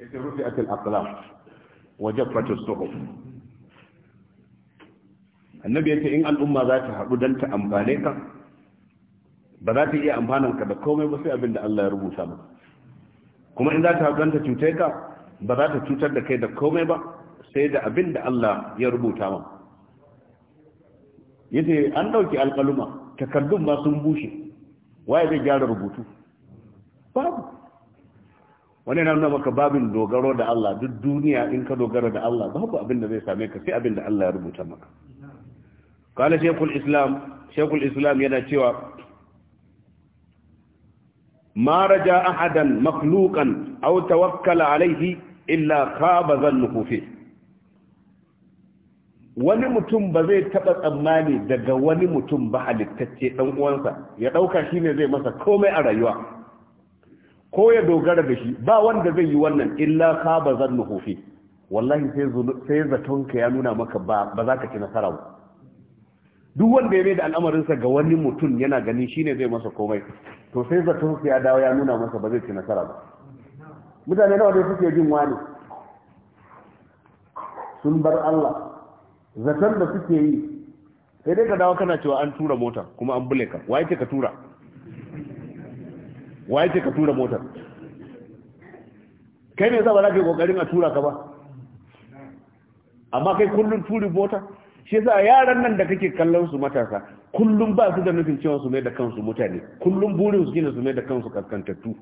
yace rufi'at al-aqlam wa jaffat as-suhuf annabi yace in al'umma za ta haɗu dan amfane ka ba za ta iya amfanan ka da komai ba sai abin da Allah ya rubuta maka kuma in za ta haɗu dan ta ka ba za ta cutar da kai da komai ba sai da abin da Allah ya rubuta maka yace an ɗauki alƙaluma takardun ba sun bushe waye zai gyara rubutu babu wani na nuna maka babin dogaro da Allah duk duniya in ka dogara da Allah babu abin da zai same ka sai abin da Allah ya rubuta maka kala shekul islam shekul islam yana cewa ma raja ahadan makhluqan aw tawakkala alaihi illa khaba zannuhu fi wani mutum ba zai taba tsammani daga wani mutum ba halittacce dan uwansa ya dauka shine zai masa komai a rayuwa ko ya dogara da shi ba wanda zai yi wannan illa ka ba zan nufofi wallahi sai zatonka ya nuna maka ba za ka ci nasara ba duk wanda ya da al'amarinsa ga wani mutum yana gani ne zai masa komai to sai zatonka ya dawo ya nuna masa ba zai ci nasara ba mutane nawa dai suke jin wani sun bar Allah zaton da suke yi sai dai ka dawo kana cewa an tura mota kuma an bule ka waye ka tura waye ce ka tura motar kai ne za ba za ka yi kokarin a tura ka ba amma kai kullum turi mota shi yasa yaran nan da kake kallon su matasa kullum ba su da nufin cewa su mai da kansu mutane kullum burin su gina su mai da kansu kaskantattu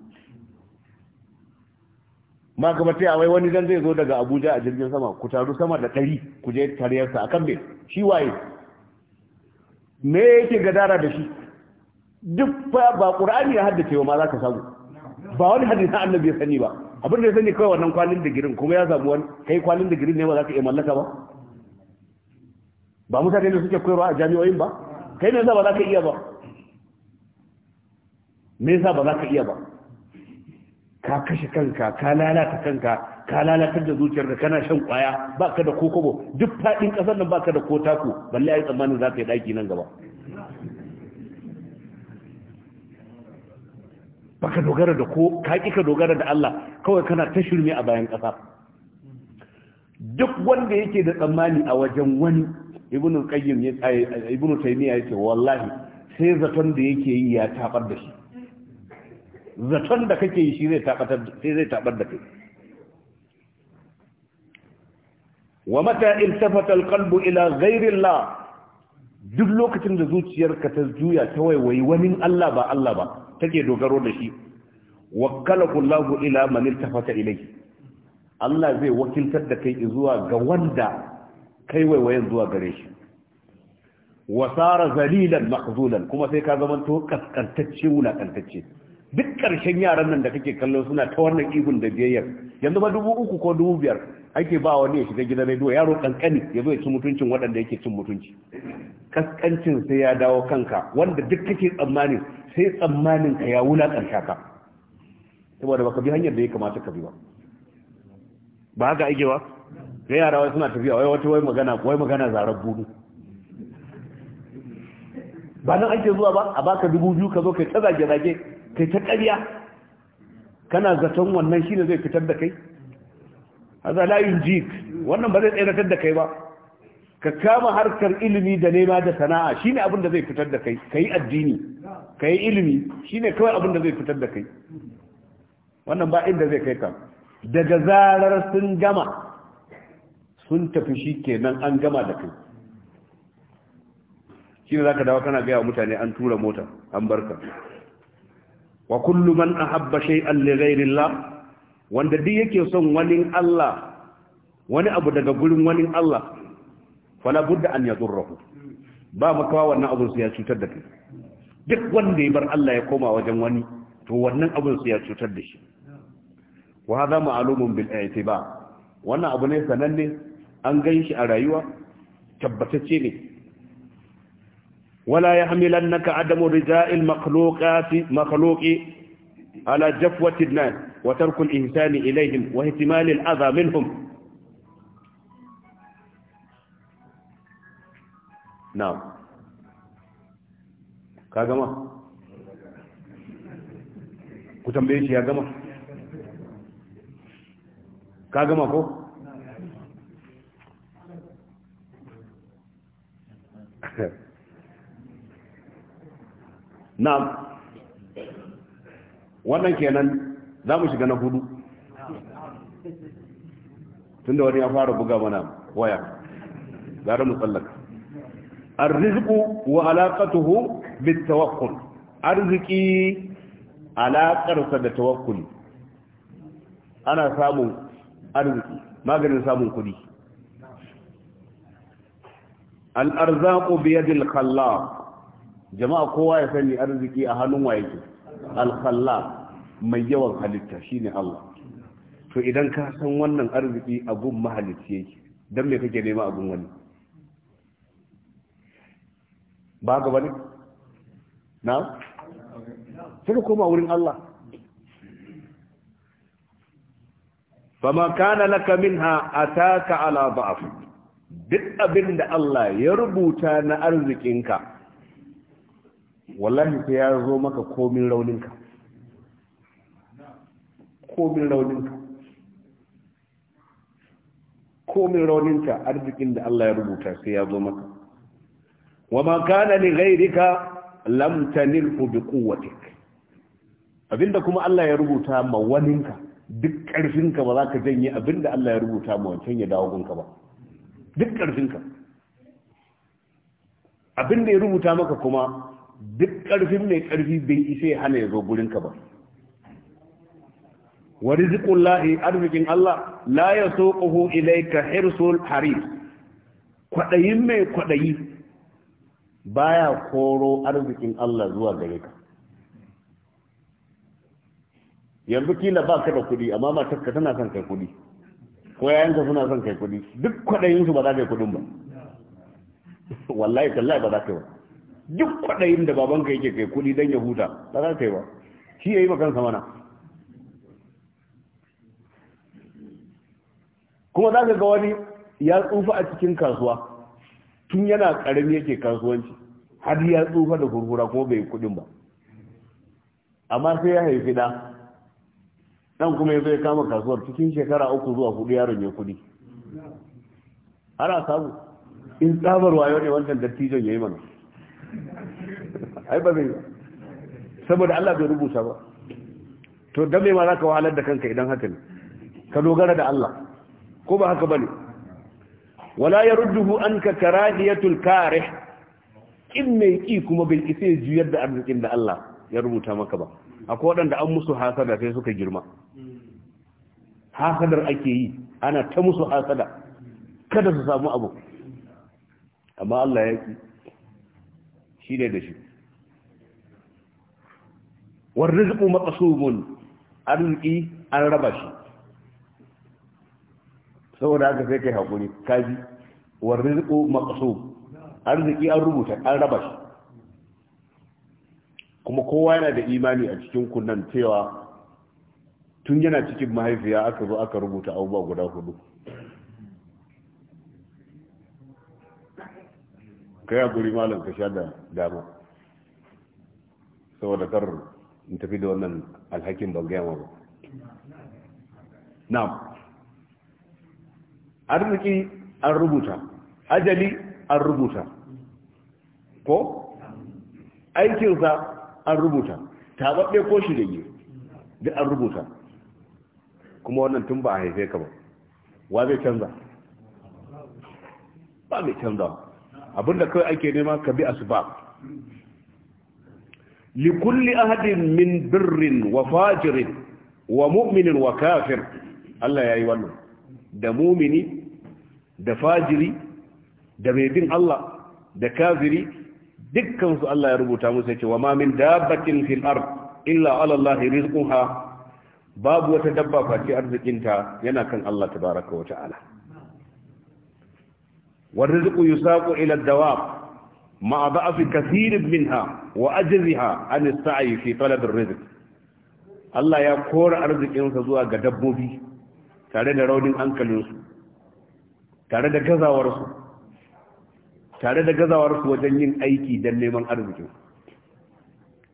ma gaba ta wai wani dan zai zo daga Abuja a jirgin sama ku taru sama da ɗari ku je tariyarsa akan me shi waye me yake gadara da shi duk ba qur'ani ya haddace ba ma za ka samu ba wani hadisi na annabi ya sani ba abin da ya sani kawai wannan kwalin digirin kuma ya samu wani kai kwalin digirin ne ba za ka iya mallaka ba ba mutane ne suke koyarwa a jami'o'in ba kai ne yasa ba za ka iya ba me yasa ba za ka iya ba ka kashe kanka ka lalata kanka ka lalatar da ka kana shan kwaya ba ka da ko kobo duk faɗin ƙasar nan ba ka da ko taku balle ai tsammanin za ka yi ɗaki nan gaba baka dogara da ko ka ki ka dogara da Allah kawai kana ta shirme a bayan ƙasa duk wanda yake da tsammani a wajen wani ibnu qayyim ya ibnu taymiya yace wallahi sai zaton da yake yi ya tabar da shi zaton da kake yi shi zai tabar sai zai tabar da kai wa mata iltafata alqalbu ila ghayri Allah duk lokacin da zuciyarka ta juya ta waiwayi wani Allah ba Allah ba take dogaro da shi wakkalahu Allahu ila man iltafata ilayhi Allah zai wakiltar da kai zuwa ga wanda kai waiwayen zuwa gare shi wa sara zalilan mahzulan kuma sai ka zaman to kaskantacce kantacce. duk ƙarshen yaran nan da kake kallon suna ta wannan ibun da biyayyar yanzu ba dubu uku ko dubu biyar ake ba wani ya shiga gidan rediyo yaro kankani ya zo ya ci mutuncin waɗanda yake cin mutunci kaskancin sai ya dawo kanka wanda duk kake tsammanin. sai tsammanin ka ya wulaƙanta ka saboda baka bi hanyar da ya kamata ka bi ba ba haka ake ba ga yara wai suna tafiya wai wata wai magana wai magana zarar budu ba nan ake zuwa ba a baka dubu biyu ka zo kai ta zage-zage kai ta ƙarya kana zaton wannan shine zai fitar da kai haza layin jik wannan ba zai tsayar da kai ba ka kama harkar ilimi da nema da sana'a shine abin da zai fitar da kai kai addini ka yi ilimi shine kawai abin da zai fitar da kai wannan ba inda zai kai ka daga zarar sun gama sun tafi shi kenan an gama da kai shi ne za ka dawa kana gaya mutane an tura mota an barka wa kullu man ahabba shay'an li ghayrillah wanda duk yake son wani Allah wani abu daga gurin wani Allah fala budda an yadurruhu ba makawa wannan abu sai ya cutar da kai duk wanda ya bar Allah ya koma wajen wani to wannan abin su ya cutar da shi wa hada ma'lumun bil i'tiba wannan abu ne sananne an gan shi a rayuwa tabbatacce ne wala yahmilannaka adamu rija'il makhluqati makhluqi ala jafwati an wa tarku al-ihsan ilayhim wa ihtimal al-adha minhum na'am ka gama ku tambaye shi ya gama ka gama ko na wannan kenan za mu shiga na hudu tunda wani ya fara buga mana waya gara mu tsallaka arziku wa alaƙatuhu bitawakkul arziki alaƙarsa da tawakkuli ana samun arziki maganin samun kuɗi al'arzaƙo biyadil khallaq jama'a kowa ya sani arziki a hannun waye ke alkhallaq mai yawan halitta shine Allah to idan ka san wannan arziki abun mahalicci yake don me kake nema abun wani ba ga bane na suka koma wurin Allah fama kana laka minha ataka ala da'af duk abin da Allah ya rubuta na arzikinka wallahi sai ya zo maka komin rauninka komin rauninka komin rauninka arzikin da Allah ya rubuta sai ya zo maka wa ma kana li ghayrika lam tanilhu bi quwwatik abinda kuma Allah ya rubuta ma waninka duk karfinka ba za ka janye abinda Allah ya rubuta ma wancan ya dawo gunka ba duk karfinka abinda ya rubuta maka kuma duk karfin mai karfi bai isa ya hana ya zo gurinka ba wa rizqul lahi arzikin Allah la yasuquhu ilayka hirsul haris kwadayin mai kwadayi baya koro arzikin Allah zuwa gare ka yanzu kila ba ka da kuɗi amma matarka tana son kai kuɗi ko ka suna son kai kuɗi duk su ba za ka yi kuɗin ba wallahi tallahi ba za ka yi ba duk kwaɗayin da babanka yake kai kuɗi don ya huta ba za ka yi ba shi ya yi sama mana kuma za ka ga wani ya tsufa a cikin kasuwa tun yana karami yake kasuwanci har ya tsufa da kurkura kuma bai kudin ba amma sai ya haifi da dan kuma ya zai kama kasuwar cikin shekara uku zuwa hudu yaron ya kudi ana samu in tsabar wayo ne wancan dattijon ya yi mana ai ba zai saboda Allah bai rubuta ba to dan mai ma zaka wahalar da kanka idan haka ne ka dogara da Allah ko ba haka bane wala yarudduhu anka karahiyatul karih kin mai ki kuma bai isa juyar da arzikin da Allah ya rubuta maka ba akwai waɗanda an musu hasada sai suka girma hasadar ake yi ana ta musu hasada kada su samu abu amma Allah ya ki shi ne da shi war rizqu maqsumun arziki an raba shi saboda haka sai kai hakuri kaji wa rizqu maqsub arziki an rubuta an raba shi kuma kowa yana da imani a cikin kunnan cewa tun yana cikin mahaifiya aka zo aka rubuta abubuwa guda hudu kai hakuri malam ka sha da dama saboda kar in tafi da wannan alhakin ban gaya ba na'am arziki an rubuta ajali an rubuta ko aikinsa an rubuta tababbe ko shi da yi duk an rubuta kuma wannan tun ba a haife ka ba wa zai canza ba mai canza abinda kawai ake nema ka bi asbab likulli ahadin min birrin wa fajirin wa mu'minin wa kafir Allah ya yi wannan da mumini da fajiri da mai Allah da kafiri dukkan su Allah ya rubuta musu ce wa ma min dabbatin fil ard illa ala Allah rizquha babu wata dabba face arzikinta yana kan Allah tabaraka wa ta'ala wal rizqu yusaqu ila ad-dawab ma'a da'fi kathir minha wa ajziha an as-sa'i fi talab ar-rizq Allah ya kora arzikinsa zuwa ga dabbobi tare da raunin hankalinsu tare da gazawarsu tare da gazawarsu wajen yin aiki don neman arzikin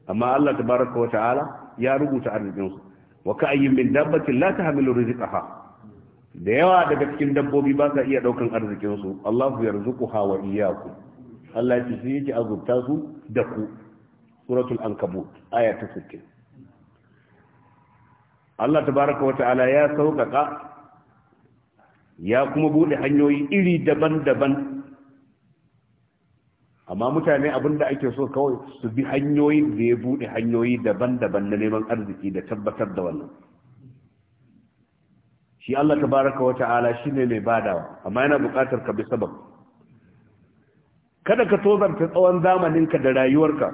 amma Allah tabaraka wa ta'ala ya rubuta arzikinsu wa ayyin min dabbatin la tahmilu rizqaha da yawa daga cikin dabbobi ba sa iya daukan arzikinsu Allahu yarzuquha wa iyyakum Allah ya ce yake azurta su da ku suratul ankabut aya ta 60 Allah tabaraka wa ta'ala ya sauƙaƙa ya kuma buɗe hanyoyi iri daban-daban amma mutane abin da ake so kawai su bi hanyoyi da ya buɗe hanyoyi daban-daban na neman arziki da tabbatar da wannan shi Allah baraka wa ta'ala shi ne mai badawa amma yana bukatar ka bi sabab kada ka tozarta tsawon zamaninka da rayuwarka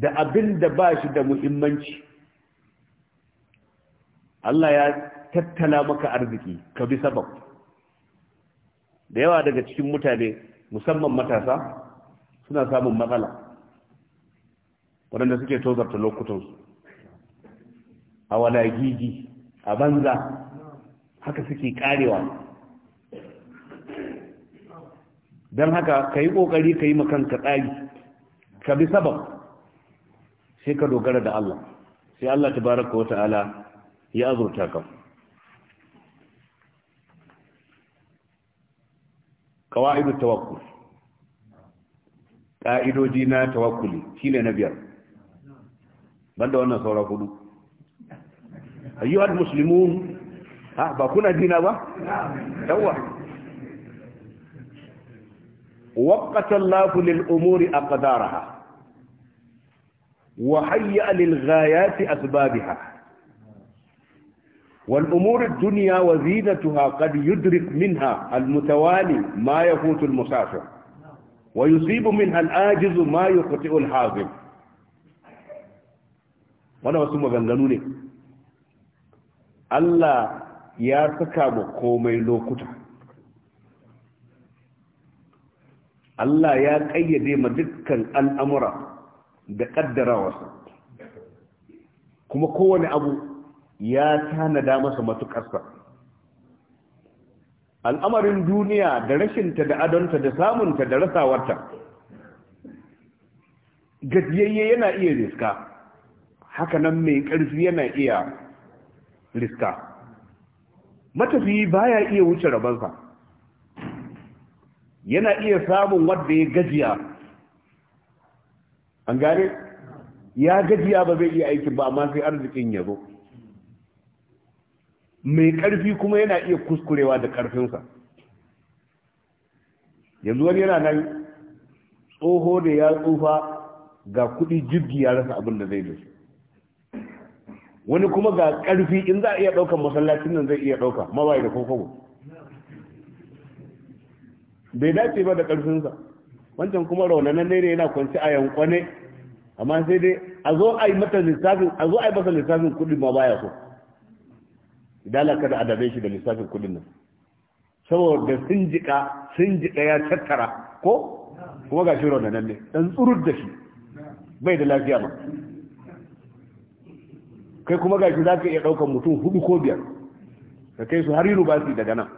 da abin da ba shi da muhimmanci Allah ya tattala maka arziki ka bi sabab da yawa daga cikin mutane musamman matasa suna samun matsala waɗanda suke tozarta lokutansu a walagigi a banza haka suke karewa don haka ka yi ƙoƙari ka yi makanka tsari ka bi sabab sai ka dogara da Allah sai Allah ta baraka wa ta'ala ya azurta ka قواعد التوكل قائد دينا توكلي شين نبيار من دون صورة أيها المسلمون ها بكون دينا با توح وقت الله للأمور أقدارها وهيأ للغايات أسبابها والأمور الدنيا وزينتها قد يدرك منها المتوالي ما يفوت المسافر ويصيب منها الآجز ما يخطئ الحاضر وانا وسمى غنغنوني الله يا يارسكا مقومي لوكتا الله يا قيد مدكا الأمر بقدر وسط كما قوة أبو ya tanada masa matukarsa al'amarin duniya da rashinta da adonta da samunta da rasawarta gajiyayye yana iya riska hakanan mai ƙarfi yana iya riska matafiyi baya iya wuce rabansa yana iya samun wadda ya gajiya an gane ya gajiya ba zai iya aikin ba amma sai arzikin ya zo mai ƙarfi kuma yana iya kuskurewa da ƙarfinsa. yanzu wani yana nan tsoho da ya tsufa ga kuɗi jirgi ya rasa abin da zai da wani kuma ga ƙarfi in za a iya ɗaukar masallacin nan zai iya ɗauka mawaye da kokobo bai dace ba da ƙarfinsa. wancan kuma raunanan ne yana kwanci a yankwane amma sai dai a zo a yi masa lissafin kuɗi ma baya so idan kada adabe shi da lissafin kudin nan saboda sun jika sun jika ya tattara ko kuma ga shi nan ne dan tsurur da shi bai da lafiya ba kai kuma gashi za ka iya daukar mutum hudu ko biyar ka kai su har yi rubasi daga nan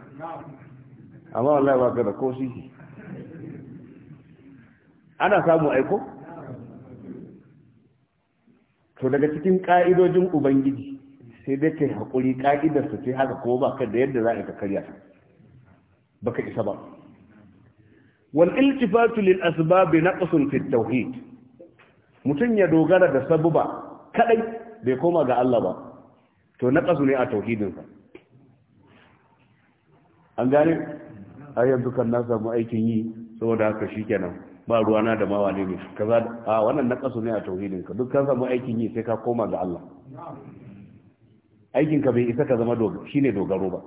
amma wallahi ba ka da ko shi ana samu aiko to daga cikin ƙa'idojin ubangiji sai dai kai haƙuri ƙa'idar su ce haka kuma ba da yadda za ka karya ta baka isa ba wal iltifatu lil asbab naqsun fi tauhid mutun ya dogara da sabuba kadai bai koma ga Allah ba to naqsu ne a tauhidin sa an gane a yanzu kan na samu aikin yi saboda haka shikenan ba ruwana da mawane ne kaza a wannan naqsu ne a tauhidin ka duk kan samu aikin yi sai ka koma ga Allah aikinka bai isa ka zama shi ne dogaro ba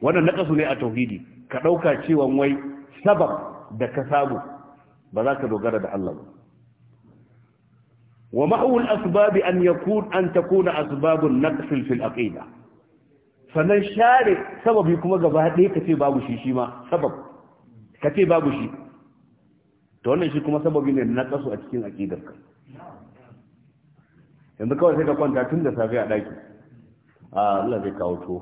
wannan naƙasu ne a tauhidi ka ɗauka cewa wai sabab da ka samu ba za ka dogara da Allah ba wa ma'ul asbabi an yakun an takuna asbabun naqsil fil aqida sannan share sababi kuma gaba ɗaya ka ce babu shi shi ma sabab ka ce babu shi ta wannan shi kuma sababi ne na naqasu a cikin aqidarka yanzu kawai sai ka kwanta tun da safe a daki a Allah zai kawo to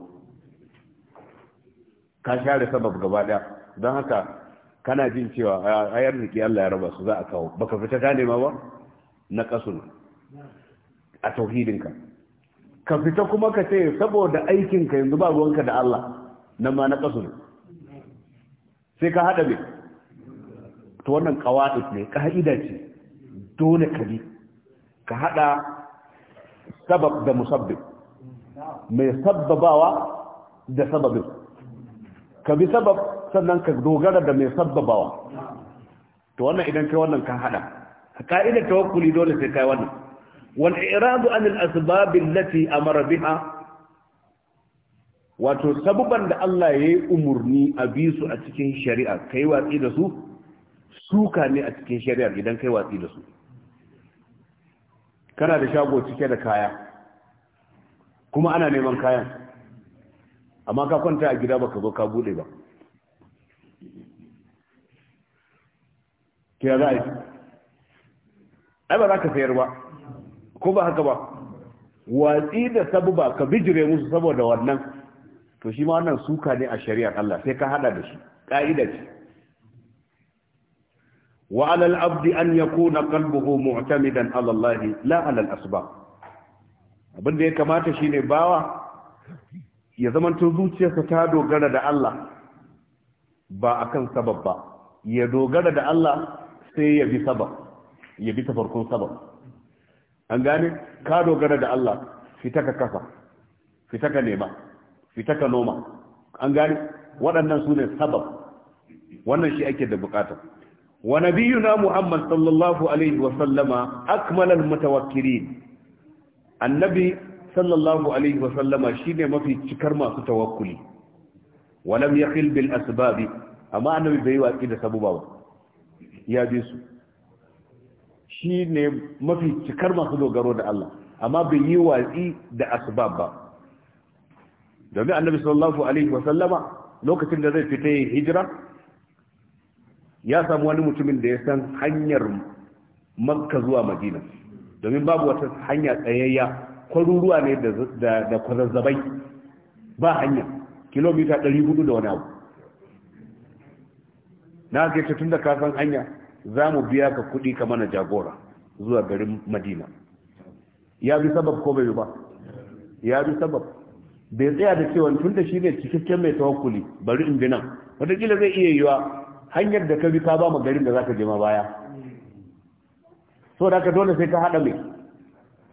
ka share sabab gaba daya don haka kana jin cewa a yar riki Allah ya raba su za a kawo baka fita ta nema ba na kasu a tauhidinka ka fita kuma ka ce saboda aikinka yanzu ba ruwanka da Allah nan ma na kasu sai ka haɗa mai to wannan kawa'id ne ka'ida ce dole ka bi ka haɗa sabab da musabbib mai sabbabawa da sababin ka bi sabab sannan ka dogara da mai sabbabawa to wannan idan kai wannan kan hada ka'idar tawakkuli dole sai kai wannan wal iradu anil asbab allati amara biha wato sabuban da Allah yayi umarni a bi su a cikin shari'a kai watsi da su suka ne a cikin shari'a idan kai watsi da su kana da shago cike da kaya kuma ana neman kayan amma ka kwanta a gida baka zo ka bude ba ke za a yi ai ba za ka sayar ba ko ba haka ba watsi da sabuba ka bijire musu saboda wannan to shi ma wannan suka ne a shari'ar Allah sai ka hada da shi ka'ida ce وعلى العبد أن يكون قلبه معتمدا على الله لا على الأسباب abin da ya kamata shi ne bawa ya zamanto zuciyarsa ta dogara da Allah ba akan sabab ba ya dogara da Allah sai ya bi sabab ya bi tafarkon sabab an gane ka dogara da Allah fita ka kafa fita ka nema fita ka noma an gane waɗannan su ne sabab wannan shi ake da buƙatar. ونبينا محمد صلى الله عليه وسلم أكمل المتوكلين النبي صلى الله عليه وسلم شين ما في تكر ما توكلي ولم يخل بالأسباب أما النبي بيوا كده سببا يا بيسو شين ما في تكر ما dogaro da Allah amma bai yi watsi da asbab ba domin annabi sallallahu alaihi wasallama lokacin da zai fita hijira ya samu wani mutumin da ya san hanyar makka zuwa madina domin babu wata hanya tsayayya kwaruruwa ne da kwazazzabai ba hanya kilomita 400 da wani abu na ce tun da kasan hanya za mu biya ka kudi ka mana jagora zuwa garin madina ya bi sabab ko bai ba ya bi sabab bai tsaya da cewa tun da shi ne cikakken mai tawakuli bari in bi nan wataƙila zai iya yiwa hanyar da ka bi ka ba mu garin da zaka je ma baya so da ka dole sai ka hada mai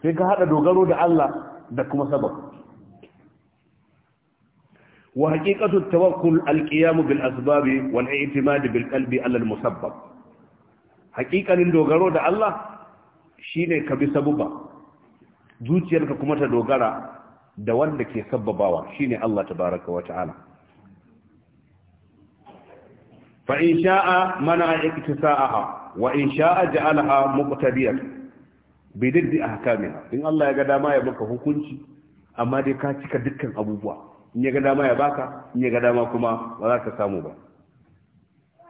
sai ka hada dogaro da Allah da kuma sabab wa haqiqatu tawakkul alqiyam bil asbabi wal i'timad bil qalbi ala al musabbab haqiqanin dogaro da Allah shine ka bi sabuba zuciyarka kuma ta dogara da wanda ke sabbabawa shine Allah tabaaraka wa ta'ala fa in sha'a mana iktisa'aha wa in sha'a ja'alaha muqtadiyat bi diddi ahkamiha in Allah ya ga dama ya maka hukunci amma dai ka cika dukkan abubuwa in ya ga dama ya baka in ya ga dama kuma ba za ka samu ba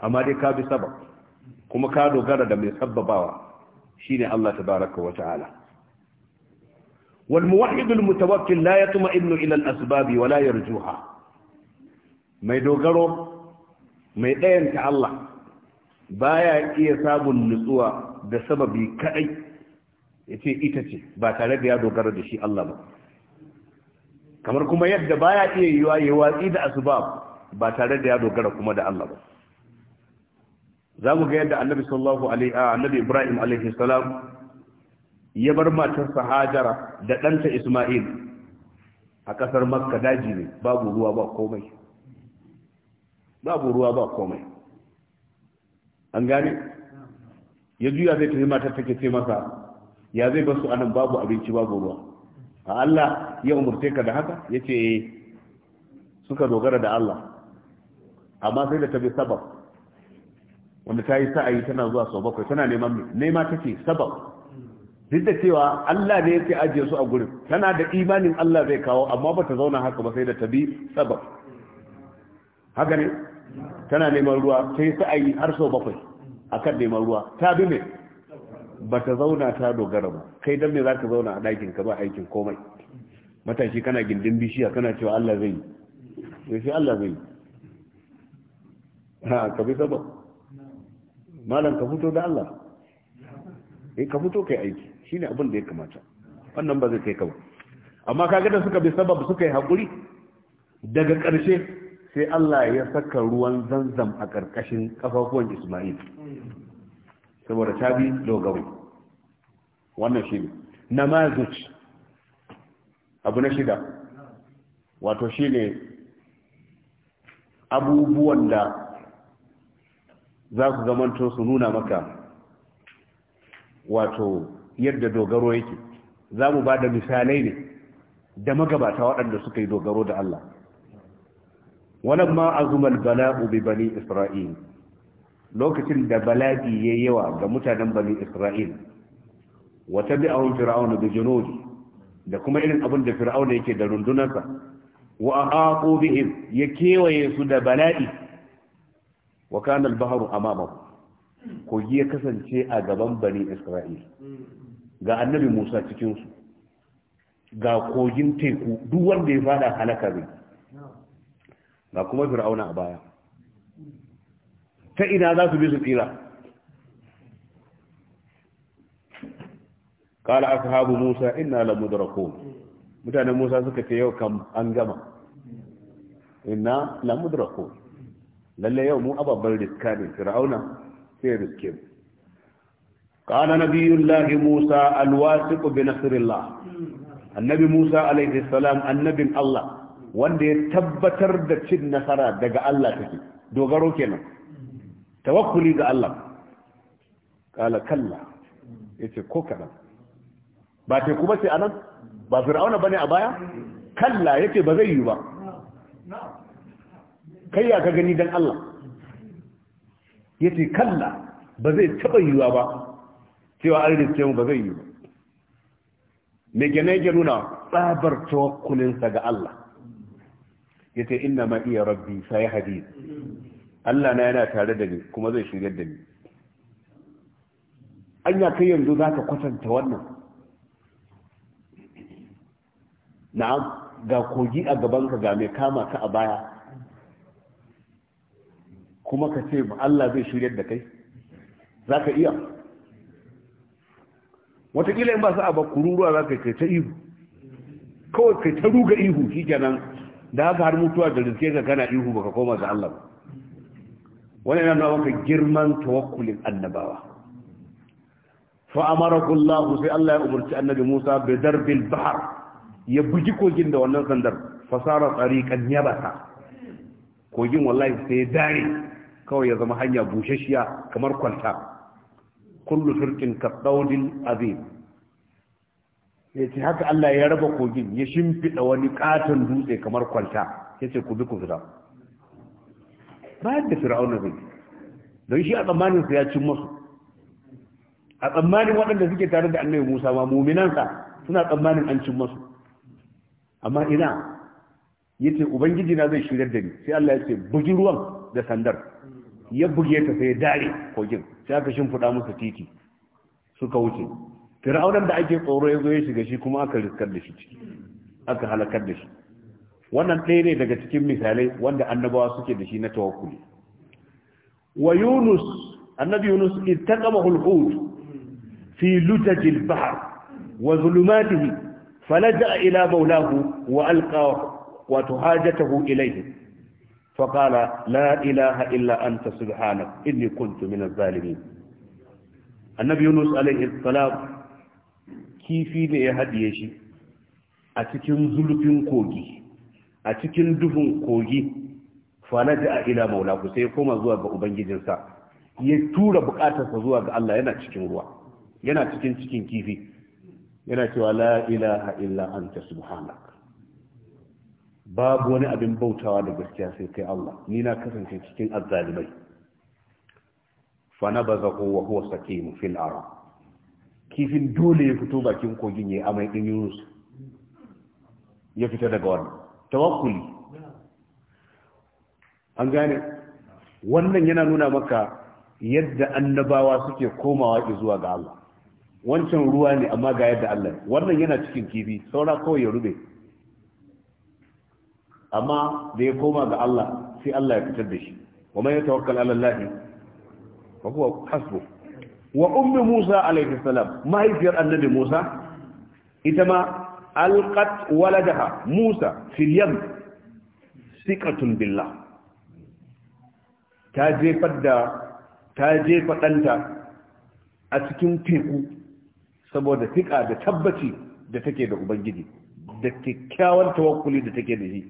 amma dai ka bi sabab kuma ka dogara da mai sabbabawa shine Allah tabaraka wa ta'ala wal muwahhid al mutawakkil ya yatma'innu ila ilal asbab wa la yarjuha mai dogaro mai ɗayanta Allah ba ya iya samun nutsuwa da sababi kadai ce ita ce ba tare da ya dogara da shi Allah ba kamar kuma yadda ba ya iya yiwa ya watsi da asbab ba tare da ya dogara kuma da Allah ba za mu ga yadda annabi sallallahu alaihi annabi ibrahim alaihi salam ya bar matarsa hajara da ɗanta isma'il a ƙasar makka daji ne babu ruwa ba komai babu ruwa ba komai an gane ya juya zai tafi matar take ce masa ya zai basu anan babu abinci babu ruwa a Allah ya umurce ka da haka ya ce eh. suka dogara da Allah amma sai da ta bi sabab wanda ta yi sa'ayi tana zuwa sau bakwai tana neman mai nema take sabab duk da cewa Allah ne yake ajiye su a gurin tana da imanin Allah zai kawo amma ba ta zauna haka ba sai da ta bi sabab haka ne tana neman ruwa ta yi har sau bakwai a kan neman ruwa ta bi mai ba ta zauna ta dogara ba kai don me za ka zauna a ɗakin ka ba aikin komai matashi kana gindin bishiya kana cewa Allah zai yi sai Allah zai yi ha ka bi sabab malam ka fito da Allah eh ka fito kai aiki shine abin da ya kamata wannan ba zai kai ka ba amma kaga da suka bi sabab suka yi hakuri daga ƙarshe sai Allah ya saka ruwan zanzam a ƙarƙashin ƙafafuwan Ismail saboda ta bi dogaro? wannan shi ne namazuc abu na shida wato shi ne abubuwan da za ku zamanto su nuna maka wato yadda dogaro yake za mu ba da misalai ne da magabata waɗanda suka yi dogaro da Allah walamma azuma albala'u bi bani isra'il lokacin da bala'i yayi yawa ga mutanen bani isra'il wa tabi'ahum fir'aun bi junudi da kuma irin abunda da fir'aun yake da rundunarsa wa ahaqu bihim ya kewaye su da bala'i wa kana al-bahru amamahu ya kasance a gaban bani isra'il ga annabi musa cikinsu ga kogin teku duk wanda ya faɗa halaka zai ba kuma fir'auna a baya ta ina za su bi su tsira kala ashabu musa inna la mudrakun mutanen musa suka ce yau kam an gama inna la mudrakun lalle yau mu ababbar riska ne fir'auna sai riske mu قال نبي الله موسى الواثق بنصر الله النبي موسى عليه السلام النبي الله wanda ya tabbatar da cin nasara daga Allah take dogaro kenan tawakkuli ga Allah kala kalla yace ko kadan ba te kuma sai anan ba fir'auna bane a baya kalla yace ba zai yi ba kai ya ka gani dan Allah yace kalla ba zai taba yiwa ba cewa an riske mu ba zai yi ba me gane ya nuna tsabar tawakkulinsa ga Allah ya ce inna ma iya rabbi sai hadis Allah na yana tare da ni kuma zai shigar da ni anya kai yanzu za ka kwatanta wannan na'am ga kogi a gabanka ga mai kama ka a baya kuma ka ce Allah zai shigar da kai za ka iya wataƙila in ba su abu kururuwa za ka kai ta ihu kawai kai ta ruga ihu shi kenan da haka har mutuwa da riske ka gana ihu baka koma ga Allah ba wani yana nuna maka girman tawakkulin annabawa fa amaraku Allah sai Allah ya umarci annabi Musa bi darbil bahr ya buji kogin da wannan sandar fasara tsarikan yabasa kogin wallahi sai dare kawai ya zama hanya bushashiya kamar kwanta kullu firqin kadawdin azim ya ce haka Allah ya raba kogin ya shimfiɗa wani katon dutse kamar kwalta ya ce ku bi ku fita bayan da fir'auna zai don shi a sa ya cin masu a tsammanin waɗanda suke tare da annabi musa ma muminansa suna tsammanin an cin masu amma ina ya ce ubangiji na zai shirar da ni sai Allah ya ce bugi ruwan da sandar ya buge ta sai ya dare kogin sai aka shimfiɗa musu titi suka wuce fir'aunan da ake tsoro ya zo ya shiga shi kuma aka riskar da shi ciki aka halakar da shi wannan ɗaya ne daga cikin misalai wanda annabawa suke da shi na tawakkuli wa yunus annabi yunus ittaqamahu al-hut fi lutaj al-bahr wa zulumatihi falaja ila mawlahu wa alqa wa tuhajatahu ilayhi faqala la ilaha illa anta subhanak inni kuntu min adh-dhalimin annabi yunus alayhi salam kifi ne ya haɗiye shi a cikin zulfin kogi a cikin duhun kogi fana ji a ila maula ku sai koma zuwa ga ubangijinsa ya tura bukatarsa zuwa ga Allah yana cikin ruwa yana cikin cikin kifi yana cewa la ilaha illa anta subhanak babu wani abin bautawa da gaskiya sai kai Allah ni na kasance cikin azzalimai fa ko wa huwa sakim fil ara kifin dole ya fito bakin kogin ya amai ɗin yunus ya fita daga wannan tawakkuli an gane wannan yana nuna maka yadda annabawa suke komawa zuwa ga Allah wancan ruwa ne amma ga yadda Allah wannan yana cikin kifi saura kawai ya rube amma da ya koma ga Allah sai Allah ya fitar da shi wa man yatawakkal ala Allah fa huwa hasbuh wa ummi Musa alaihi salam mahaifiyar annabi Musa ita ma alqat waladaha Musa fil yam siqatun billah ta jefar da ta jefa ɗanta a cikin teku saboda siƙa da tabbaci da take da ubangiji da kyakkyawar tawakkuli da take da shi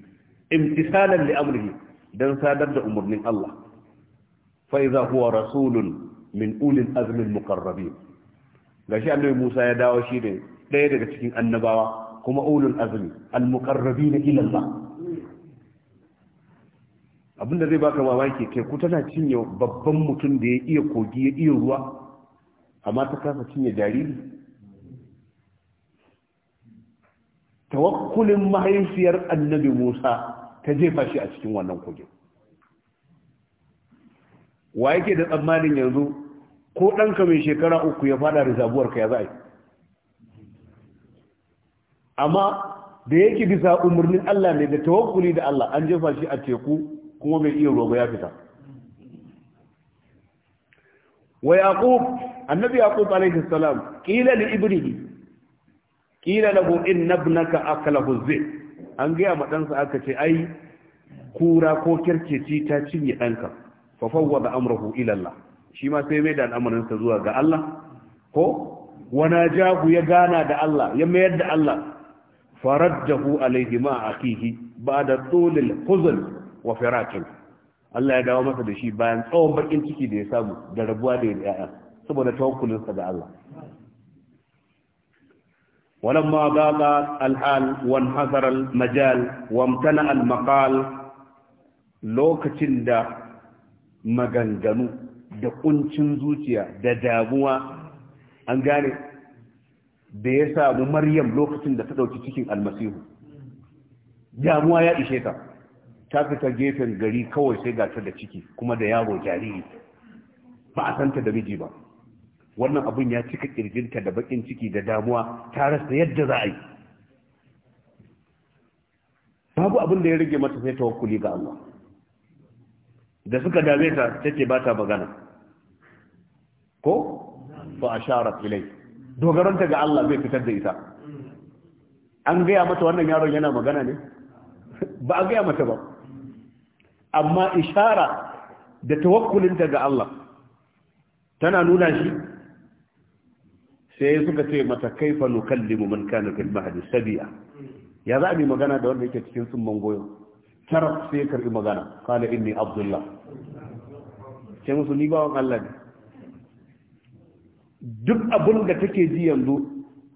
imtisalan li amrihi dan sadar da umarnin Allah fa idza huwa rasulun min ulil azmin muqarrabin gashi annabi Musa ya dawo shi ne ɗaya daga cikin annabawa kuma ulul azmi al muqarrabin ila Allah abinda zai baka mamaki teku tana cinye babban mutum da ya iya kogi ya iya ruwa amma ta kasa cinye jariri tawakkulin mahaifiyar annabi Musa ta jefa shi a cikin wannan kogin wa yake da tsammanin yanzu ko ɗanka mai shekara uku ya fada da zabuwarka ya za'a amma da yake bisa umarnin Allah ne da tawakkuli da Allah an jefa shi a teku kuma mai iya roba ya fita wa yaqub annabi yaqub alayhi salam qila li ibrihi qila lahu inna ibnaka akala zib an ga ma dan sa aka ce ai kura ko kirkeci ta cinye danka fa fawwada amrahu ila Allah shi ma sai mai da sa zuwa ga Allah ko wana jahu ya gana da Allah ya mayar da Allah faraddahu alaihi ma akihi ba'da tulil huzn wa firakin Allah ya dawo masa da shi bayan tsawon bakin ciki da ya samu da rabuwa da yaya saboda tawakkulinsa ga Allah ولما ضاق الحال وانحصر المجال وامتنع المقال لوكتين دا maganganu da kuncin zuciya da damuwa an gane da ya samu maryam lokacin da ta ɗauki cikin almasihu damuwa ya ishe ta ta fita gefen gari kawai sai gata da ciki kuma da yaro jariri ba a santa da miji ba wannan abin ya cika kirginta da bakin ciki da damuwa ta rasa yadda za a yi babu abin da ya rage mata sai tawakkuli ga Allah da suka dame ta take bata magana ko fa asharat ilai dogaronta ga Allah zai fitar da ita an gaya mata wannan yaron yana magana ne ba a gaya mata ba amma ishara da tawakkulinta ga Allah tana nuna shi sai suka ce mata kaifa nukallimu man kana fil mahdi sabia ya za a yi magana da wanda yake cikin sun goyo taraf sai karbi magana qala inni abdullah sai musu ni ba wannan Allah ne duk abin da take ji yanzu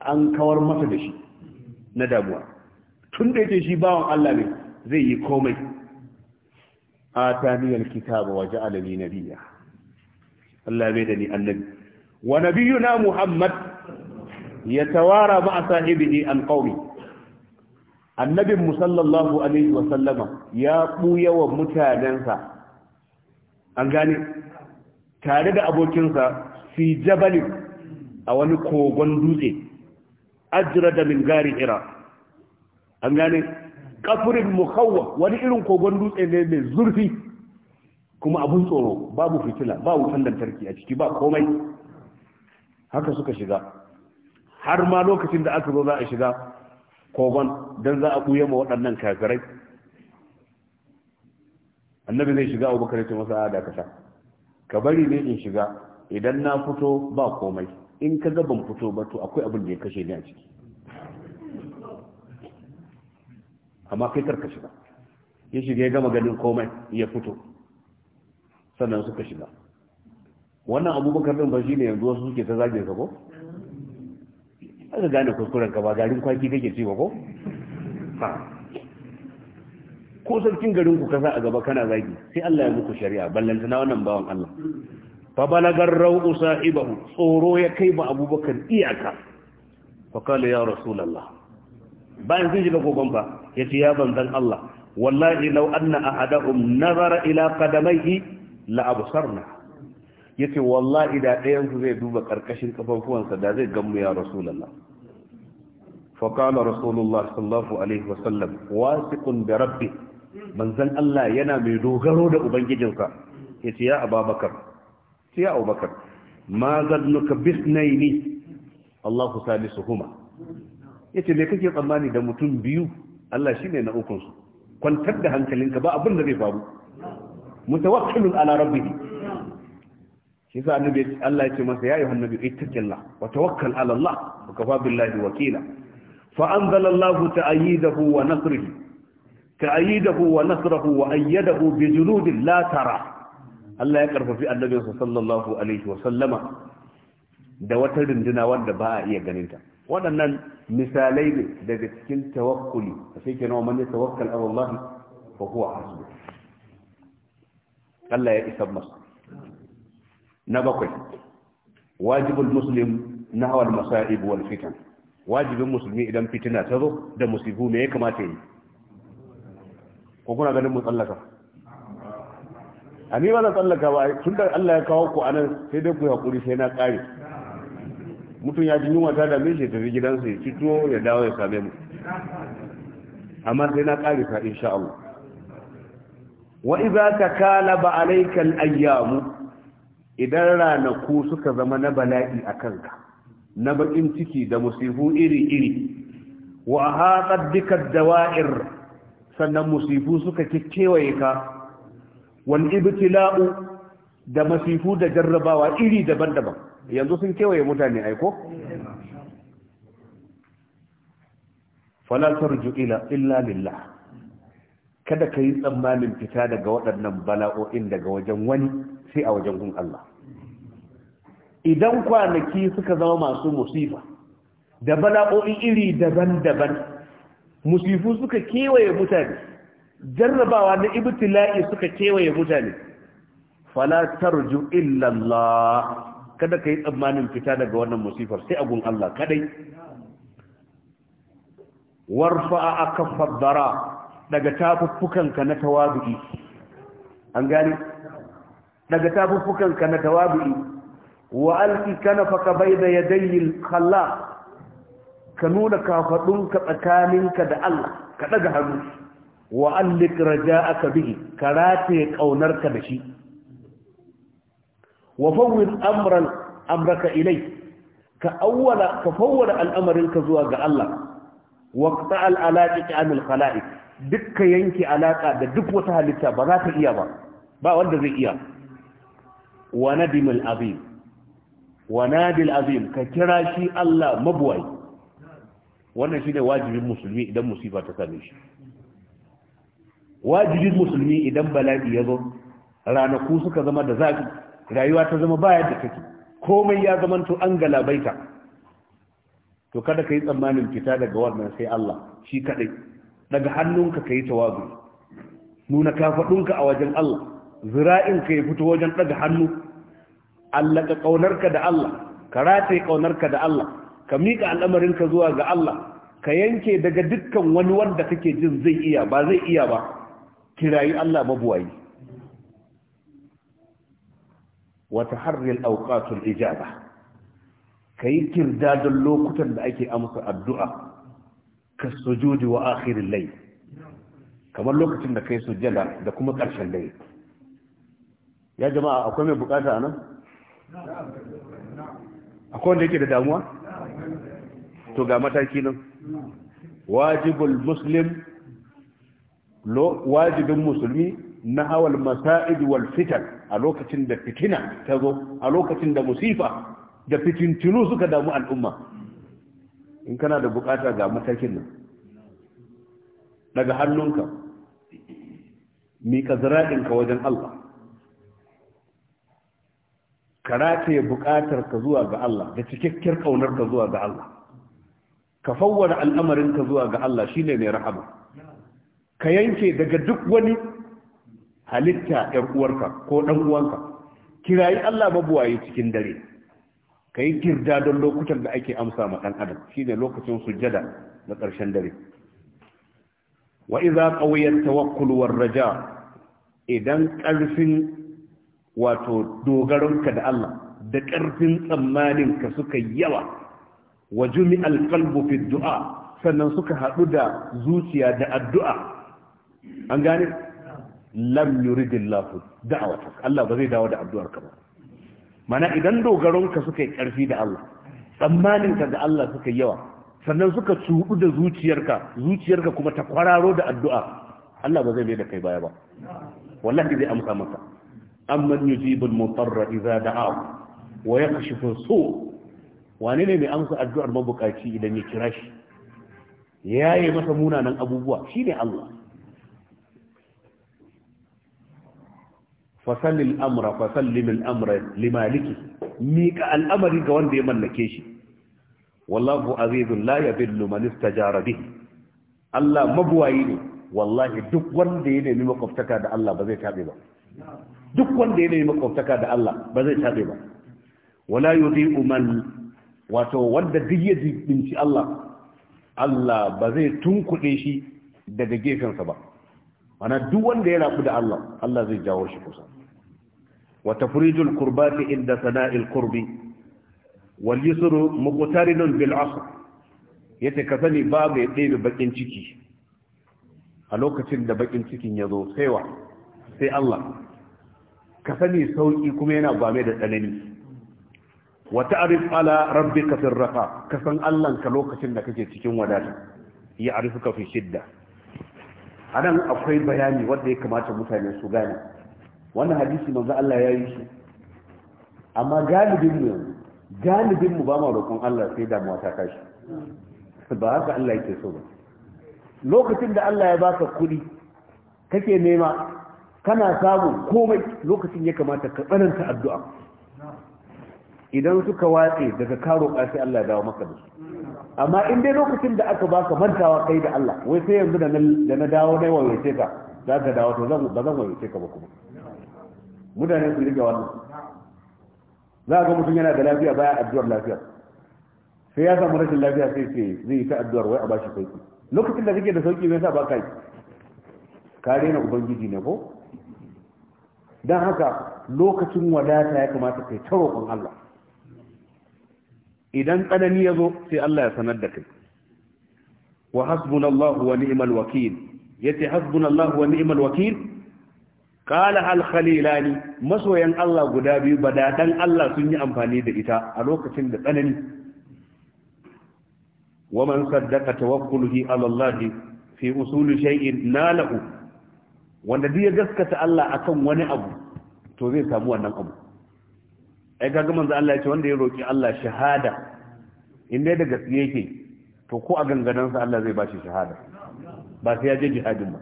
an kawar masa da shi na damuwa tun da yake shi bawan Allah ne zai yi komai ataniyal kitaba wa ja'ala li nabiyya Allah bai da ni annabi wa na Muhammad yatawara ma'a sahibihi an qaumi annabin musallallahu alaihi wa sallama ya buya wa mutanensa. an gane tare da abokinsa fi jabalin a wani kogon dutse ajira da min gari ira an gane kafirin muhawwa wani irin kogon dutse ne mai zurfi kuma abun tsoro babu fitila ba wutan lantarki a ciki ba komai haka suka shiga har ma lokacin da aka zo za a shiga kogon don za a buye ma waɗannan kafirai annabi zai shiga abubakar ya ce masa a dakata ka bari ne in shiga idan na fito ba komai in ka ga ban fito ba to akwai abin da ya kashe ni a ciki amma kai karka shiga ya shiga ya gama ganin komai ya fito sannan suka shiga wannan abubakar ɗin ba shi ne yanzu wasu suke ta zagin sa ko aka gane kuskuren ka ba garin kwaki kake ci ba ko ko sarkin garin ku kasa a gaba kana zagi sai Allah ya muku shari'a ballantana wannan bawan Allah fa balagar rau'u sahibahu tsoro ya kai ma abubakar iyaka fa kala ya rasulullah bayan sun shiga kogon Ya yace ya banzan Allah wallahi law anna ahadahum nazara ila qadamayhi la Ya yace wallahi da ɗayansu zai duba ƙarƙashin kafafuwansa da zai gamu ya rasu fa kala rasulullah sallallahu alaihi wasallam wasiqun bi rabbi manzan Allah yana mai dogaro da ubangijinsa Ya yace ya a ababakar sai abubakar ma zannuka bisnaini Allahu salisuhuma ce me kake tsammani da mutum biyu Allah shi ne na ukun su kwantar da hankalinka ba abin da zai faru mutawakkilun ala rabbih shi sa annabi Allah ya ce masa ya ayyuhan nabi ittaqillah wa tawakkal ala Allah wa kafa billahi wakila fa anzala Allah ta'ayidahu wa nasrihi ta'ayidahu wa nasrahu wa ayyadahu bi junudin la tara Allah ya karfafi annabinsa sallallahu alaihi wa sallama da wata runduna wanda ba a iya ganinta. ta waɗannan misalai ne daga cikin tawakkuli a sai kenan wa man tawakkal ala Allah fa huwa hasbu Allah ya isa masa na bakwai wajibul muslim nahwa al masa'ib wal fitan wajibin musulmi idan fitina ta zo da musibu me ya kamata yi ko kuna ganin mu tsallaka a ni ba na tsallaka ba tun da Allah ya kawo ku anan sai dai ku haƙuri, sai na kare mutum ya ji yunwa ta shi da gidansa ya ci tuwo ya dawo ya same mu amma sai na kare ka insha Allah wa idza takalaba alayka al-ayyam idan ranaku suka zama na bala'i a kanka na bakin ciki da musifu iri-iri wa hatsar dukkan dawa'ir sannan musifu suka kewaye ka wal ibtila'u da masifu da jarrabawa iri daban-daban yanzu sun kewaye mutane aiko fala ju'ila, illa lillah kada ka yi tsammanin fita daga waɗannan bala'o'in daga wajen wani sai a wajen kun Allah idan kwanaki suka zama masu musifa da bala'o'i iri daban-daban musifu suka kewaye mutane jarrabawa na ibtila'i suka kewaye mutane fala tarju illa Allah kada kai tsammanin fita daga wannan musifar sai agun Allah kadai warfa'a akaffad dara daga tafuffukanka na tawadu'i an gani daga tafuffukanka na tawadu'i wa alqi kanafaka bayna yadayil khalla ka nuna kafadunka tsakaninka da Allah ka daga hannu wa allik raja'aka bihi karate kaunarka da shi wa fawwid amran amraka ilai ka awwala ka al'amarin al'amarinka zuwa ga Allah wa qta al alaqiq an al khalaiq dukka yanki alaka da duk wata halitta ba za ta iya ba ba wanda zai iya wa nadim al azim wa nadi al azim ka kira shi Allah mabuwai wannan shine wajibin musulmi idan musiba ta same shi wajibin musulmi idan bala'i ya zo ranaku suka zama da zafi rayuwa ta zama baya da take komai ya zama to an galabaita to kada ka yi tsammanin fita daga wannan sai Allah shi kadai daga hannunka ka yi tawazu nuna kafaɗunka a wajen Allah zira'inka ya fito wajen daga hannu Allah ka ƙaunarka da Allah ka rataye ƙaunarka da Allah ka miƙa al'amarinka zuwa ga Allah ka yanke daga dukkan wani wanda kake jin zai iya ba zai iya ba kirayi Allah mabuwayi wata haryar auqatul ijaba kayi kirdadin lokutan da ake amsa addu'a ka sujudi wa akhirin lai kamar lokacin da kai sujjada da kuma ƙarshen lai ya jama'a akwai mai bukata anan? akwai wanda yake da damuwa? to ga mataki nan wajibul muslim wajibin musulmi na hawal masa'id wal fitan a lokacin da fitina ta zo a lokacin da musifa da fitintunu suka damu al'umma in kana da bukata ga matakin nan daga hannunka mika zira'inka wajen Allah ka rataye bukatar ka zuwa ga Allah da cikakkiyar kaunar ka zuwa ga Allah ka fawwara al'amarin ka zuwa ga Allah shine mai rahama ka yanke daga duk wani halitta ɗan uwarka ko ɗan uwanka kirayi Allah mabuwaye cikin dare ka yi girda don lokutan da ake amsa ma ɗan adam ne lokacin sujjada na ƙarshen dare wa iza qawiyat tawakkul war raja idan ƙarfin wato dogaronka da Allah da ƙarfin tsammanin ka suka yawa wa jumi'al qalbu fi du'a sannan suka haɗu da zuciya da addu'a an gane lam yuridillahu da'awatak Allah ba zai dawo da addu'arka ba mana idan dogaronka suka yi karfi da Allah tsammanin ka da Allah suka yawa sannan suka tsubu da zuciyarka zuciyarka kuma ta kwararo da addu'a Allah ba zai mai da kai baya ba wallahi zai amsa maka amman yujibul mutarra idza da'a wa yakshifu su wane ne mai amsa addu'ar mabukaci idan ya kira shi yayi masa munanan abubuwa shine Allah fasalli al'amura fasalli al'amura limaliki miƙa al'amari ga wanda ya mallake shi wallahu azizun la ya billu manista jarabi Allah mabuwayi ne wallahi duk wanda ya nemi makwabtaka da Allah ba zai taɓe ba duk wanda ya nemi makwabtaka da Allah ba zai taɓe ba wala yudhi'u man wato wanda duk ya dinci Allah Allah ba zai tunkuɗe shi daga gefensa ba ana duk wanda ya rabu da Allah Allah zai jawo shi kusa wa tafrijul qurbati inda sana'il qurbi wal yusru muqtarinun bil asr yace ka sani ba mai bakin ciki a lokacin da bakin cikin ya zo sai wa sai Allah ka sani sauki kuma yana gwame da tsanani wa ta'rif ala rabbika fil raqa ka san Allah ka lokacin da kake cikin wadata ya arifuka fi shidda anan akwai bayani wanda ya kamata mutane su gane wannan hadisi manzo Allah ya yi shi amma galibin mu galibin mu ba mu roƙon Allah sai damuwa ta kashi ba haka Allah yake so ba lokacin da Allah ya baka kuɗi kake nema kana samun komai lokacin ya kamata ka tsananta addu'a idan suka watse daga karo sai Allah ya dawo maka da su amma in dai lokacin da aka baka mantawa kai da Allah wai sai yanzu da na dawo wa waiwace ka za ka dawo to ba zan waiwace ka ba kuma mutane su riga wannan za ga mutum yana da lafiya baya addu'ar lafiya sai ya samu rashin lafiya sai ce zai yi ta addu'ar wai a bashi sauki lokacin da kake da sauki me yasa ba ka yi ka rena ubangiji ne ko dan haka lokacin wadata ya kamata kai ta roƙon Allah idan tsanani ya zo sai Allah ya sanar da kai wa hasbunallahu wa ni'mal wakil yace hasbunallahu wa ni'mal wakil kala alkhalilani masoyan Allah guda biyu badadan Allah sun yi amfani da ita a lokacin da tsanani wa man saddaqa tawakkuluhi ala Allah fi usul shay'in nalahu wanda duk ya gaskata Allah akan wani abu to zai samu wannan abu ai kaga manzo Allah ya ce wanda ya roki Allah shahada in dai da gaskiya yake to ko a ganganansa Allah zai shi shahada ba sai ya je jihadin ba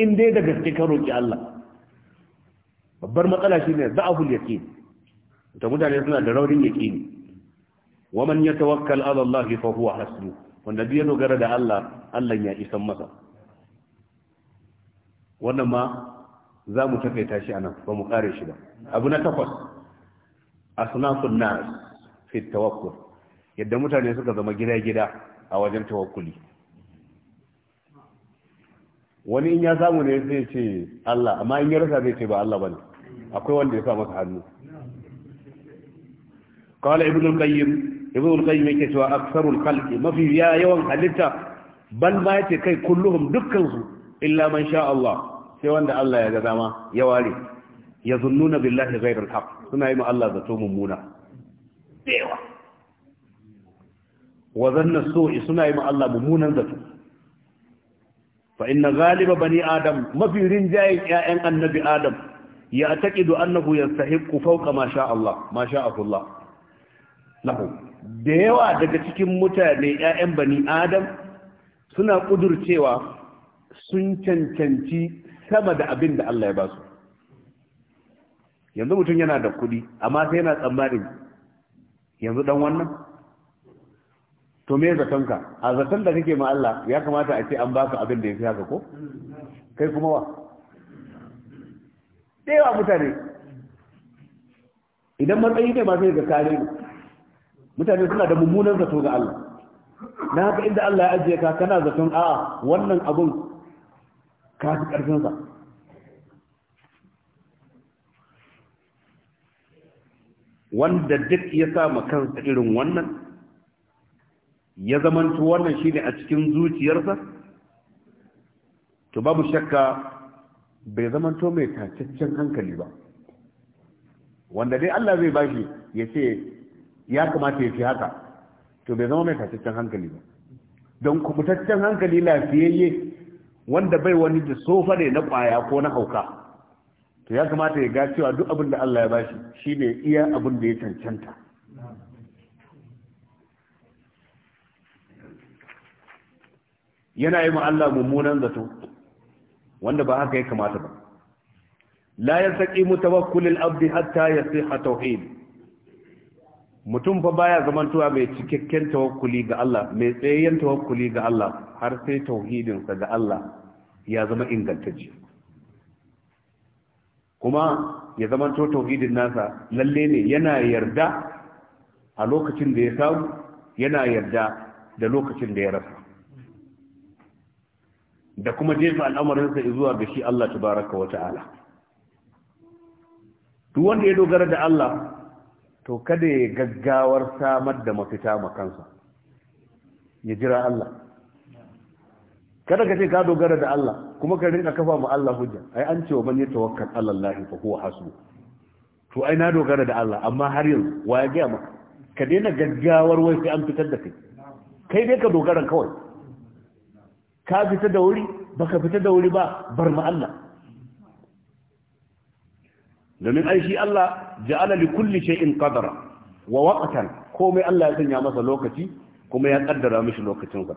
in dai da gaske ka roki Allah babbar matsala shi ne za'aful yaqin ta mutane suna da raunin yaqini wa man yatawakkal ala Allah fa huwa hasbu wanda biya dogara da Allah Allah ya isan masa wannan ma za mu takaita shi anan ba mu kare shi ba abu na takwas asnafun nas fi tawakkul yadda mutane suka zama gida-gida a wajen tawakkuli wani in ya samu ne zai ce Allah amma in ya rasa zai ce ba Allah bane akwai wanda ya sa masa hannu Kawai ibn al-qayyim ibn al-qayyim yake cewa aktharul khalqi mafi ya yawan halitta bal ma yace kai kulluhum dukkan su illa man sha Allah sai wanda Allah ya ga dama ya ware ya zunnuna billahi ghayr al-haq suna yi ma Allah zato mummuna dewa wa zanna su'i suna yi ma Allah mummunan zato fa inna ghaliba bani adam mafi rinjayin ƴaƴan annabi adam ya taqidu annahu ya sahiku fauka masha Allah masha da yawa daga cikin mutane ƴaƴan bani adam suna kudurcewa sun cancanci sama da abin da Allah ya ba su yanzu mutum yana da kuɗi amma sai yana tsammanin yanzu dan wannan to me ka, a zaton da kake ma Allah ya kamata a ce an baka abin da ya fi haka ko kai kuma wa da yawa mutane idan matsayi ne ba sai ga kare mutane suna da mummunan zato ga Allah na haka inda Allah ya ajiye ka kana zaton a wannan abun ka fi ƙarfinsa wanda duk ya sa kansa irin wannan ya zamanta wannan shine a cikin zuciyarsa to babu shakka bai zamanto mai tacaccen hankali ba wanda dai Allah zai bashi ya ce ya kamata ya fi haka to bai zama mai tacaccen hankali ba don kubutaccen hankali lafiyayye wanda bai wani da sofa ne na kwaya ko na hauka to ya kamata ya ga cewa duk abin da Allah ya bashi shi ne iya abin da ya cancanta yana yi wa Allah mummunan zato wanda ba haka ya kamata ba la saki, tawakkulul abdi hatta yasiha tauhid mutum fa baya zamantuwa mai cikakken tawakkuli ga Allah mai tsayayyen tawakkuli ga Allah har sai tauhidinsa ga Allah ya zama ingantacce kuma ya zamanto tauhidin nasa lalle ne yana yarda a lokacin da ya samu yana yarda da lokacin da ya rasa da kuma jefa al'amarinsa zuwa ga shi Allah tabaraka wa ta'ala duk wanda ya dogara da Allah to kada ya gaggawar samar da mafita makansa ya jira Allah kada ka ce ka dogara da Allah kuma ka rinka kafa mu Allah hujja ai an ce wa man yatawakkal ala Allah fa huwa hasbu to ai na dogara da Allah amma har yanzu wa ya ga maka ka daina gaggawar wai sai an fitar da kai kai dai ka dogara kawai ka fita da wuri baka fita da wuri ba bar ma Allah domin ai shi Allah ja'ala li kulli shay'in qadara wa waqtan komai Allah ya sanya masa lokaci kuma ya kaddara mishi lokacin sa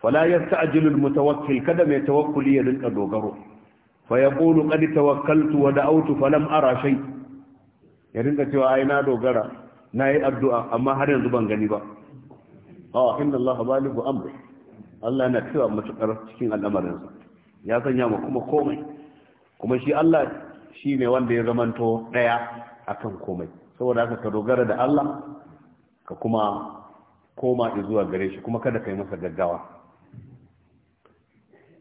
fala yasta'jilu al kada mai tawakkuli ya rinka dogaro fa yaqulu qad tawakkaltu wa da'awtu falam ara shay ya rinka cewa ai na dogara na yi addu'a amma har yanzu ban gani ba a ah, inna Allah baligu amri Allah na cewa matukar cikin al'amarinsa ya sanya mu kuma komai kuma shi Allah shi ne wanda ya zamanto ɗaya akan komai saboda haka ka dogara da Allah ka kuma koma zuwa gare shi kuma kada ka yi masa gaggawa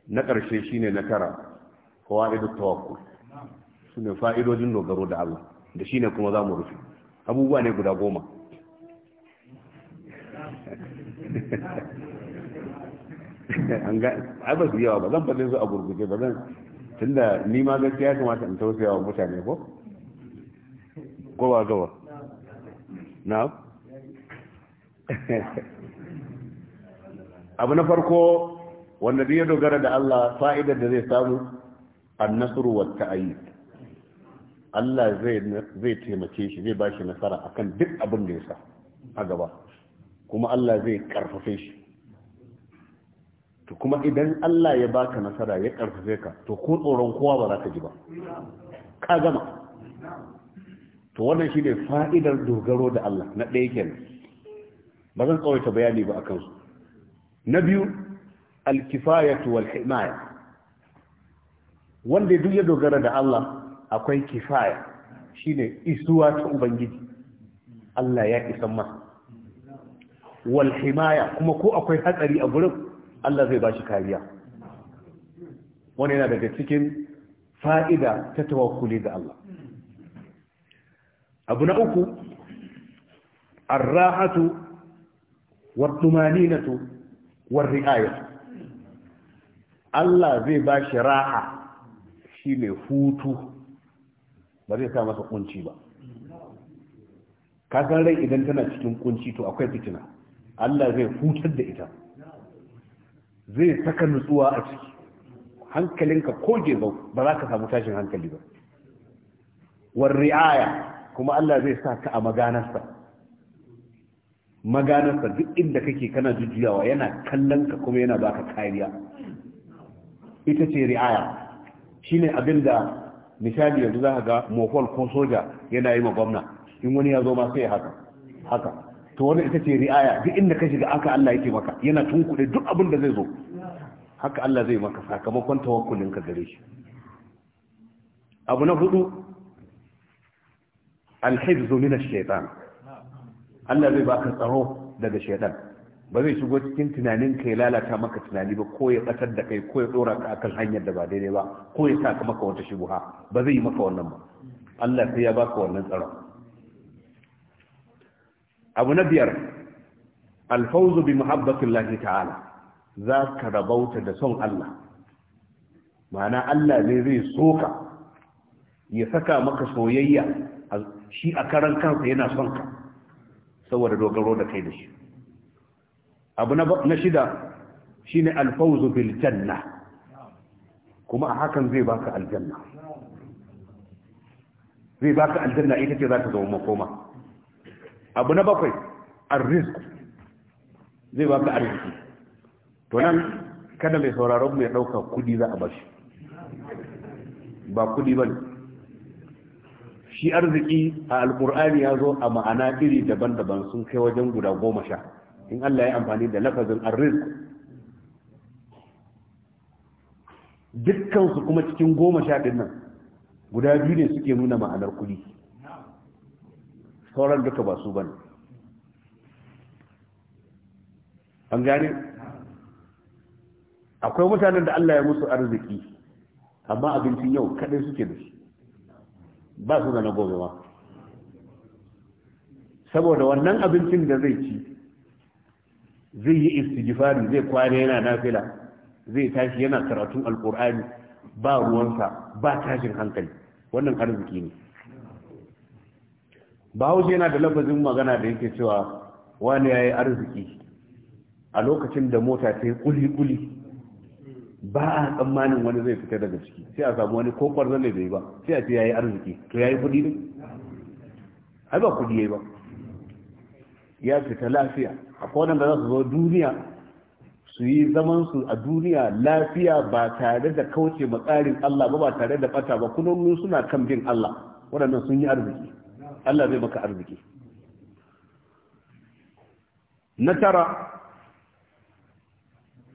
na ƙarshe shi ne na tara fawa'idu tawakkul su ne fa'idojin dogaro da Allah da shi ne kuma za mu rufe abubuwa ne guda goma ba su yawa ba zan faɗe su a gurguje ba zan tunda ni ma ya kamata in tausaya wa mutane ko gowa gowa na abu na farko wanda ya dogara da Allah fa'idar da zai samu annasru wa ayi, Allah zai zai taimake shi zai bashi nasara akan duk abin da ya sa a gaba kuma Allah zai karfafe shi to kuma idan Allah ya baka nasara ya karfafe ka to ko tsoron kowa ba za ka ji ba ka gama to wannan shine fa'idar dogaro da Allah na ɗaya kenan ba zan tsawaita bayani ba akan su na biyu alkifayatu wal himaya wanda duk ya dogara da Allah akwai kifaya shine isuwa ta ubangiji Allah ya isan masa wal himaya kuma ko akwai hatsari a gurin Allah zai ba shi kariya wani yana daga cikin fa'ida ta tawakkuli da Allah abu na uku arrahatu wartumaninatu Allah zai ba shi raha shi mai hutu ba zai sa masa kunci ba kasan rai idan tana cikin kunci to akwai fitina Allah zai hutar da ita zai saka nutsuwa a ciki hankalinka ko gezau ba za ka samu tashin hankali ba war ri'aya kuma Allah zai sa ka a maganarsa maganarsa duk inda kake kana jujjuyawa yana kallon ka kuma yana baka kariya ita ce ri'aya shine abin da misali yanzu za ka ga mofol ko soja yana yi ma gwamna in wani ya zo ma sai haka haka to wani ita ce ri'aya duk inda ka shiga haka Allah yake maka yana tunkuɗe duk abin da zai zo haka Allah zai maka sakamakon tawakkulin ka gare shi abu na hudu alhifzu min ash-shaytan Allah zai baka tsaro daga shaytan ba zai shigo cikin tunanin ka ya lalata maka tunani ba ko ya batar da kai ko ya dora ka akan hanyar da ba daidai ba ko ya saka maka wata shubuha ba zai yi maka wannan ba Allah sai ya baka wannan tsaro abu na biyar alfauzu bi muhabbatillahi ta'ala za ka rabauta da son Allah ma'ana Allah ne zai soka ya saka maka soyayya shi a karan kansa yana son ka saboda dogaro da kai da shi abu na shida shine alfauzu bil janna kuma a hakan zai baka aljanna zai baka aljanna ita ce za ta zama makoma abu na bakwai arzik zai baka arziki to nan kada mai sauraron mu ya dauka kudi za a bashi ba kudi bane shi arziki a Al-ƙur'ani ya zo a ma'ana iri daban-daban sun kai wajen guda goma sha in Allah ya amfani da lafazin arzik dukkansu kuma cikin goma sha ɗin nan guda biyu ne suke nuna ma'anar kudi sauran duka ba su bane an gane akwai mutanen da Allah ya musu arziki amma abincin yau kadai suke da shi ba su da na gobe ma saboda wannan abincin da zai ci zai yi istijifari zai kwana yana nafila zai tashi yana karatun alkur'ani ba ruwansa ba tashin hankali wannan arziki ne ba bahaushe yana da lafazin magana da yake cewa wani ya yi arziki a lokacin da mota ta yi kuli-kuli ba a tsammanin wani zai fita daga ciki sai a samu wani ko kwarzon bai ba sai a ce ya yi arziki to ya yi kudi ne ai ba kudi ya ba ya fita lafiya a kodan da za su zo duniya su yi zaman su a duniya lafiya ba tare da kauce matsarin Allah ba ba tare da bata ba kunonin suna kan bin Allah waɗannan sun yi arziki Allah zai maka arziki na tara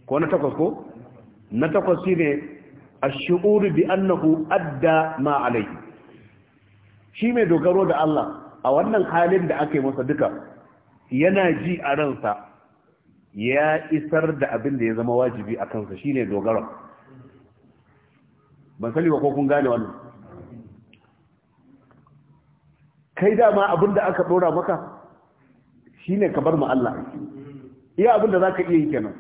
ko na takwas ko na takwas shine ash bi annahu adda ma alayhi shi mai dogaro da Allah a wannan halin da aka yi masa duka yana ji a ransa ya isar da abin da ya zama wajibi a kansa shine dogaro ban sani ba ko kun gane wannan kai dama abinda aka dora maka shine ne kabar mu Allah iya abinda zaka iya yi kenan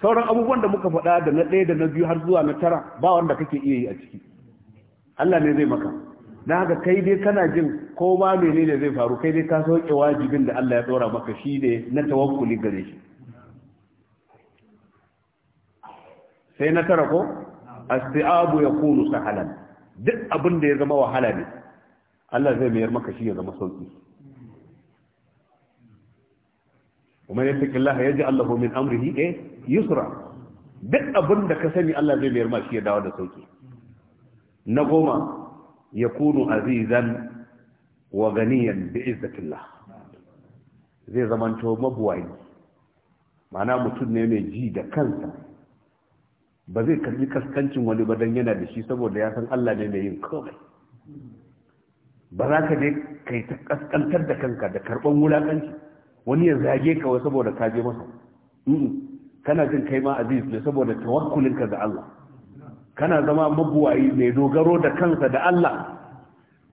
sauran abubuwan da muka faɗa da na ɗaya da na biyu har zuwa na tara ba wanda kake iya yi a ciki Allah ne zai maka na haka kai dai kana jin ko ma ne zai faru kai dai ka sauke wajibin da Allah ya dora maka shi ne na tawakkuli gare shi sai na tara ko asti'abu yakunu sahalan duk abinda ya zama wahala ne Allah zai mayar maka shi ya zama sauki kuma ya taƙi ya ji Allah min amrihi eh yusra duk abin da ka sani Allah zai mayar ma shi ya dawo da sauƙi na goma ya kunu azizan wa ganiyan bi izzatillah zai zamanto mabuwayi mana mutum ne mai ji da kansa ba zai karbi kaskancin wani ba dan yana da shi saboda ya san Allah ne mai yin komai ba za ka je kai ta kaskantar da kanka da karɓar wulakanci wani ya zage ka wa saboda ka je masa kana jin kai ma aziz ne saboda tawakkulinka da Allah kana zama mabuwayi mai dogaro da kansa da Allah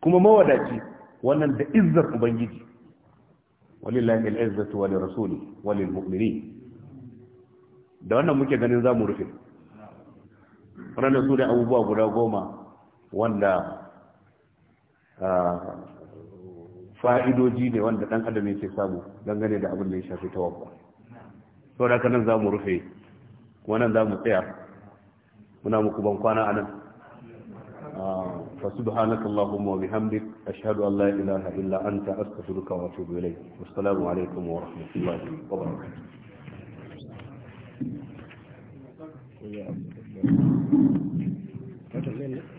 kuma mawadaci wannan da izzar ubangiji walillahi al-izzatu wa lirrasuli wa lilmu'minin da wannan muke ganin zamu rufe wannan su da abubuwa guda goma wanda fa'idoji ne wanda ɗan adam yake samu dangane da abin da ya shafi tawakwa sau da nan za mu rufe wannan za mu tsaya muna muku ban kwana a nan fasu da hannun allahun mawabi hamdik a shahadu allah ilaha ila an ta aska suruka wato belai wasu alaikum wa rahmatullahi wa barakatuh